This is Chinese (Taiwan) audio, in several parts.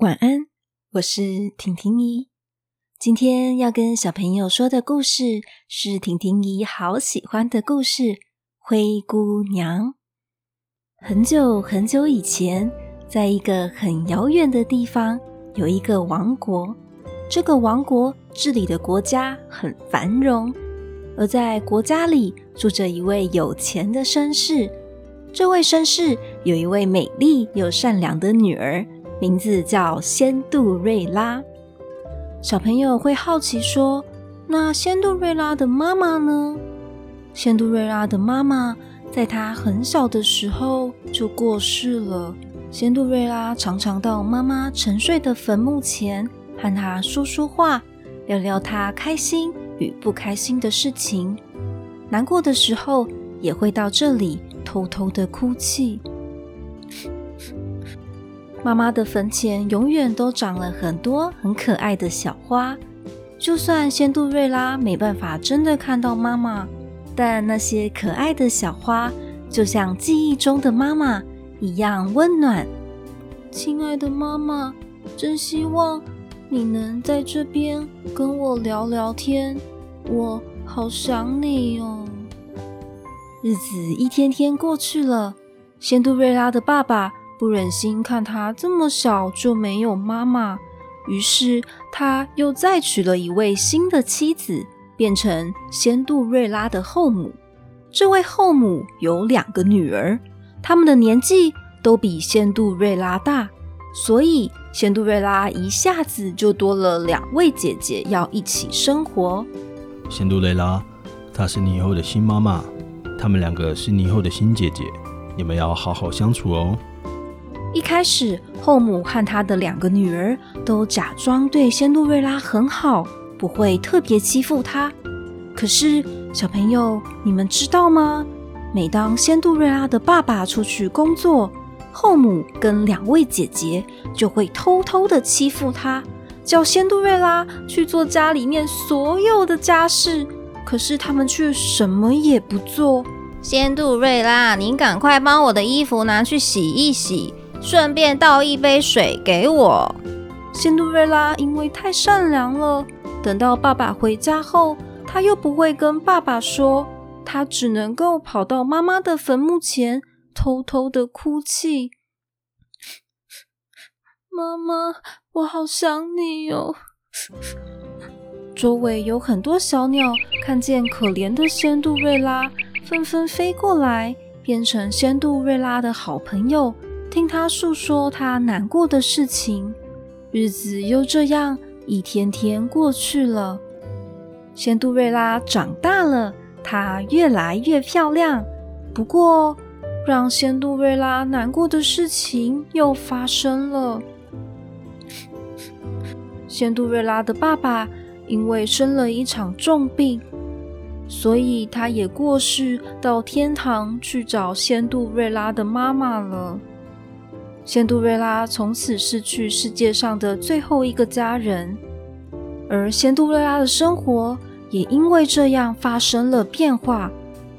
晚安，我是婷婷姨。今天要跟小朋友說的故事是婷婷姨好喜歡的故事《灰姑娘》。很久很久以前，在一個很遙遠的地方，有一個王國。這個王國治理的國家很繁榮，而在國家裡住着一位有錢的紳士。這位紳士有一位美麗又善良的女兒。名字叫仙杜瑞拉。小朋友會好奇說：“那仙杜瑞拉的媽媽呢？”仙杜瑞拉的媽媽在她很小的時候就過世了。仙杜瑞拉常常到媽媽沉睡的墳墓前，和她說說話，聊聊她開心與不開心的事情。難過的時候也會到這裡偷偷的哭泣。媽媽的墳前永遠都長了很多很可愛的小花，就算仙杜瑞拉沒辦法真的看到媽媽，但那些可愛的小花就像記憶中的媽媽一樣溫暖。親愛的媽媽，真希望你能在這邊跟我聊聊天，我好想你哦。日子一天天過去了，仙杜瑞拉的爸爸，不忍心看他這麼小就沒有媽媽，於是他又再娶了一位新的妻子，變成仙杜瑞拉的後母。這位後母有兩個女兒，他們的年紀都比仙杜瑞拉大，所以仙杜瑞拉一下子就多了兩位姐姐要一起生活。仙杜瑞拉，她是你以後的新媽媽，他們兩個是你以後的新姐姐，你們要好好相處哦。一開始，後母和她的兩個女兒都假裝對仙杜瑞拉很好，不會特別欺負她。可是，小朋友，你們知道嗎？每當仙杜瑞拉的爸爸出去工作，後母跟兩位姐姐就會偷偷的欺負她，叫仙杜瑞拉去做家裡面所有的家事，可是他們卻什麼也不做。仙杜瑞拉，您趕快把我的衣服拿去洗一洗。順便倒一杯水給我。仙杜瑞拉因為太善良了，等到爸爸回家後，她又不會跟爸爸說，她只能夠跑到媽媽的墳墓前，偷偷的哭泣。媽媽，我好想你喲、哦。 周圍有很多小鳥，看見可憐的仙杜瑞拉，紛紛飛過來，變成仙杜瑞拉的好朋友。聽他訴說他難過的事情，日子又這樣一天天過去了。仙杜瑞拉長大了，她越來越漂亮。不過，讓仙杜瑞拉難過的事情又發生了。 仙杜瑞拉的爸爸因為生了一場重病，所以他也過世到天堂去找仙杜瑞拉的媽媽了。仙杜瑞拉從此失去世界上的最後一個家人，而仙杜瑞拉的生活也因為這樣發生了變化。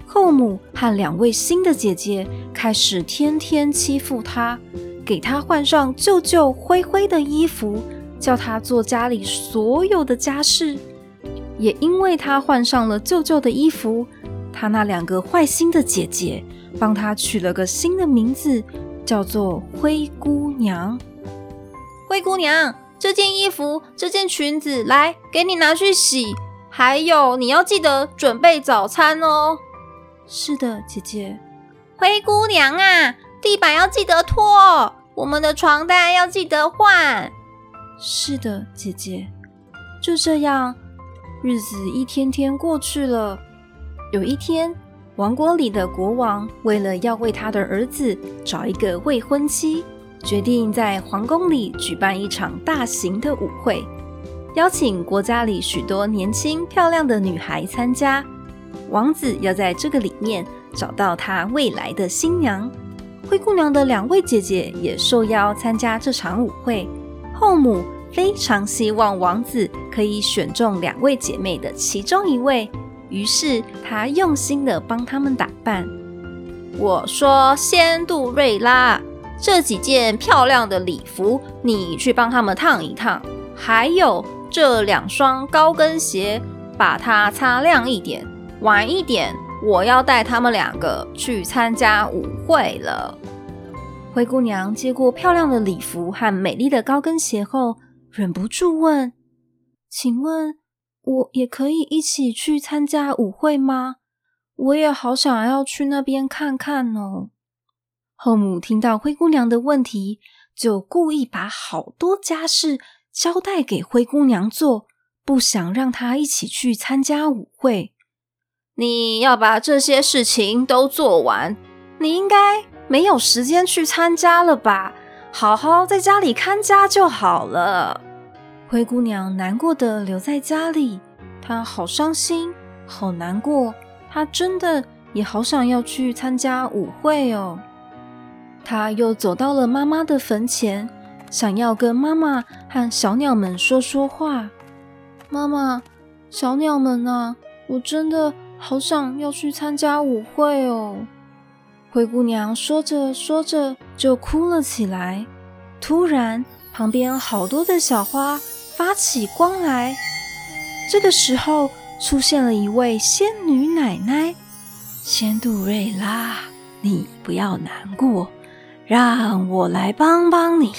後母和兩位新的姐姐開始天天欺負她，給她換上舊舊灰灰的衣服，叫她做家裡所有的家事。也因為她換上了舊舊的衣服，她那兩個壞心的姐姐幫她取了個新的名字，叫做灰姑娘。灰姑娘，這件衣服，這件裙子，來，給你拿去洗。還有，你要記得準備早餐哦。是的，姐姐。灰姑娘啊，地板要記得拖，我們的床單要記得換。是的，姐姐。就這樣，日子一天天過去了，有一天。王國裡的國王為了要為他的兒子找一個未婚妻，決定在皇宮裡舉辦一場大型的舞會，邀請國家裡許多年輕漂亮的女孩參加。王子要在這個裡面找到他未來的新娘。灰姑娘的兩位姐姐也受邀參加這場舞會，後母非常希望王子可以選中兩位姐妹的其中一位。於是，他用心的幫他們打扮。我說：“仙杜瑞拉，這幾件漂亮的禮服，你去幫他們燙一燙；還有這兩雙高跟鞋，把它擦亮一點。晚一點，我要帶他們兩個去參加舞會了。”灰姑娘接過漂亮的禮服和美麗的高跟鞋後，忍不住問：“請問？”我也可以一起去參加舞會嗎？我也好想要去那邊看看哦。後母聽到灰姑娘的問題，就故意把好多家事交代給灰姑娘做，不想讓她一起去參加舞會。你要把這些事情都做完，你應該沒有時間去參加了吧？好好在家裡看家就好了。灰姑娘難過地留在家裡，她好傷心，好難過。她真的也好想要去參加舞會哦。她又走到了媽媽的墳前，想要跟媽媽和小鳥們說說話。媽媽，小鳥們啊，我真的好想要去參加舞會哦。灰姑娘說着說着就哭了起來。突然，旁邊好多的小花。發起光來，這個時候出現了一位仙女奶奶，仙杜瑞拉，你不要難過，讓我來幫幫你。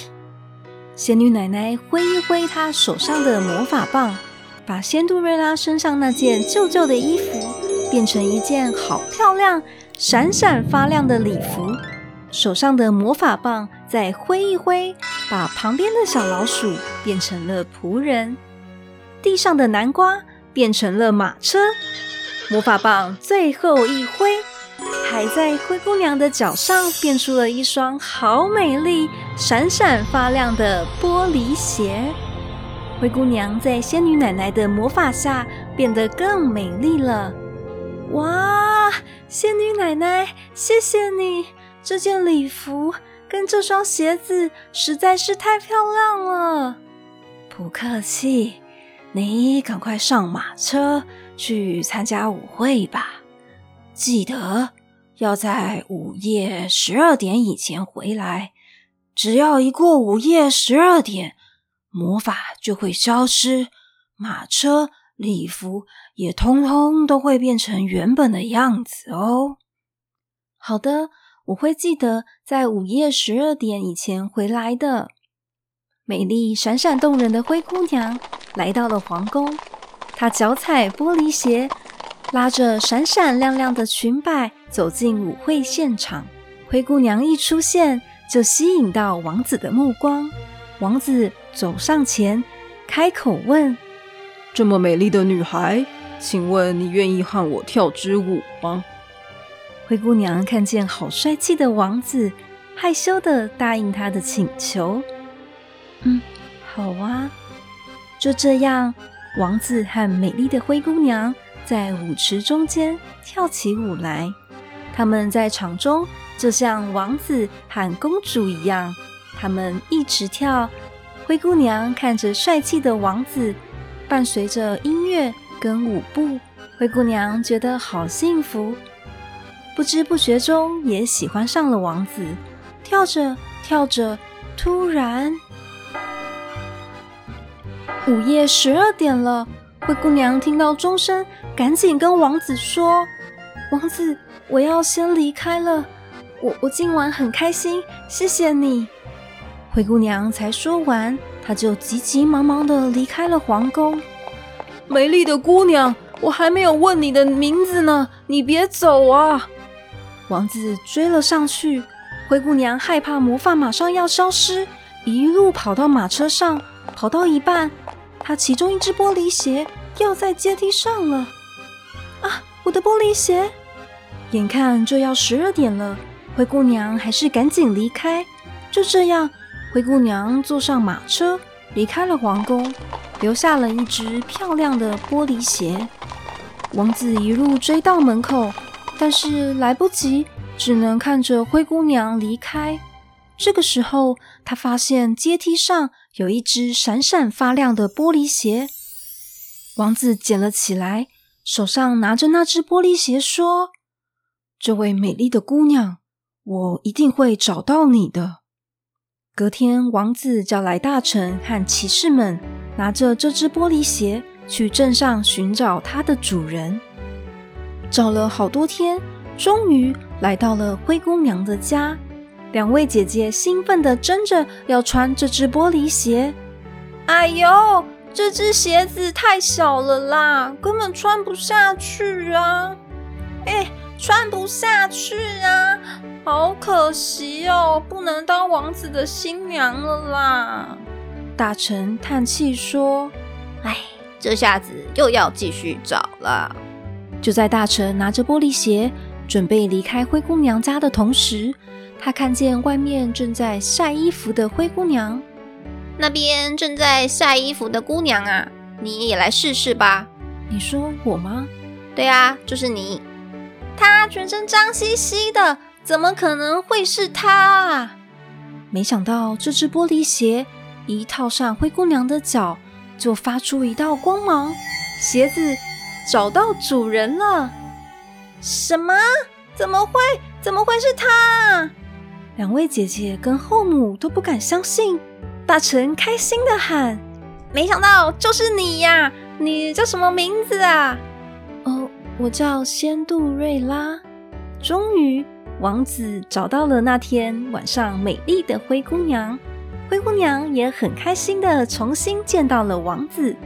仙女奶奶揮一揮她手上的魔法棒，把仙杜瑞拉身上那件舊舊的衣服變成一件好漂亮、閃閃發亮的禮服。手上的魔法棒再揮一揮。把旁邊的小老鼠變成了僕人，地上的南瓜變成了馬車，魔法棒最後一揮，還在灰姑娘的腳上變出了一雙好美麗、閃閃發亮的玻璃鞋。灰姑娘在仙女奶奶的魔法下變得更美麗了。哇！仙女奶奶，謝謝你，這件禮服。跟這雙鞋子實在是太漂亮了！不客氣，你趕快上馬車去參加舞會吧！記得要在午夜十二點以前回來。只要一過午夜十二點，魔法就會消失，馬車、禮服也通通都會變成原本的樣子哦。好的。我會記得在午夜十二點以前回來的。美麗閃閃動人的灰姑娘來到了皇宮，她腳踩玻璃鞋，拉着閃閃亮亮的裙擺走進舞會現場。灰姑娘一出現，就吸引到王子的目光。王子走上前，開口問：“這麼美麗的女孩，請問你願意和我跳支舞嗎？”灰姑娘看見好帥氣的王子，害羞地答應他的請求。嗯，好啊。就這樣，王子和美麗的灰姑娘在舞池中間跳起舞來。他們在場中就像王子和公主一樣，他們一直跳。灰姑娘看着帥氣的王子，伴隨着音樂跟舞步。灰姑娘覺得好幸福。不知不覺中也喜歡上了王子，跳着跳着，突然，午夜十二點了。灰姑娘聽到鐘聲，趕緊跟王子說：“王子，我要先離開了，我我今晚很開心，謝謝你。”灰姑娘才說完，她就急急忙忙地離開了皇宮。美麗的姑娘，我還沒有問你的名字呢，你別走啊！王子追了上去，灰姑娘害怕魔法馬上要消失，一路跑到馬車上。跑到一半，她其中一隻玻璃鞋掉在階梯上了。啊，我的玻璃鞋！眼看就要十二點了，灰姑娘還是趕緊離開。就這樣，灰姑娘坐上馬車離開了皇宮，留下了一隻漂亮的玻璃鞋。王子一路追到門口。但是來不及，只能看着灰姑娘離開。這個時候，他發現階梯上有一隻閃閃發亮的玻璃鞋，王子撿了起來，手上拿着那隻玻璃鞋說：“這位美麗的姑娘，我一定會找到你的。”隔天，王子叫來大臣和騎士們，拿着這隻玻璃鞋去鎮上尋找它的主人。找了好多天，終於來到了灰姑娘的家。兩位姐姐興奮地爭着要穿這只玻璃鞋。哎呦，這只鞋子太小了啦，根本穿不下去啊！哎，穿不下去啊，好可惜哦，不能當王子的新娘了啦。大臣嘆氣說：“哎，這下子又要繼續找了。”就在大臣拿着玻璃鞋準備離開灰姑娘家的同時，他看見外面正在曬衣服的灰姑娘。那邊正在曬衣服的姑娘啊，你也來試試吧。你說我嗎？對啊，就是你。她全身髒兮兮的，怎麼可能會是她啊？沒想到這隻玻璃鞋一套上灰姑娘的腳，就發出一道光芒。鞋子。找到主人了！什麼？怎麼會？怎麼會是他？兩位姐姐跟後母都不敢相信。大臣開心地喊：“沒想到就是你呀，啊！你叫什麼名字啊？”哦，我叫仙杜瑞拉。終於，王子找到了那天晚上美麗的灰姑娘。灰姑娘也很開心地重新見到了王子。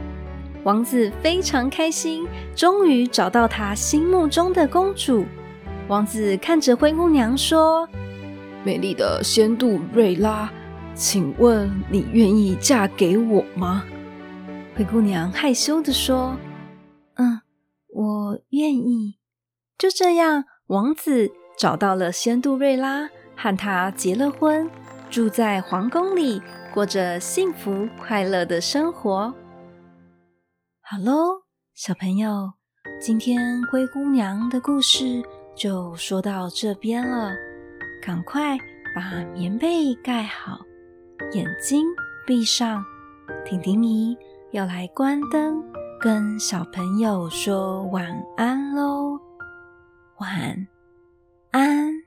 王子非常開心，終於找到他心目中的公主。王子看着灰姑娘說：“美麗的仙杜瑞拉，請問你願意嫁給我嗎？”灰姑娘害羞地說：“嗯，我願意。”就這樣，王子找到了仙杜瑞拉，和她結了婚，住在皇宮裡，過着幸福快樂的生活。好嘍，小朋友，今天灰姑娘的故事就說到這邊了。趕快把棉被蓋好，眼睛閉上。婷婷姨要來關燈，跟小朋友說晚安嘍。晚安。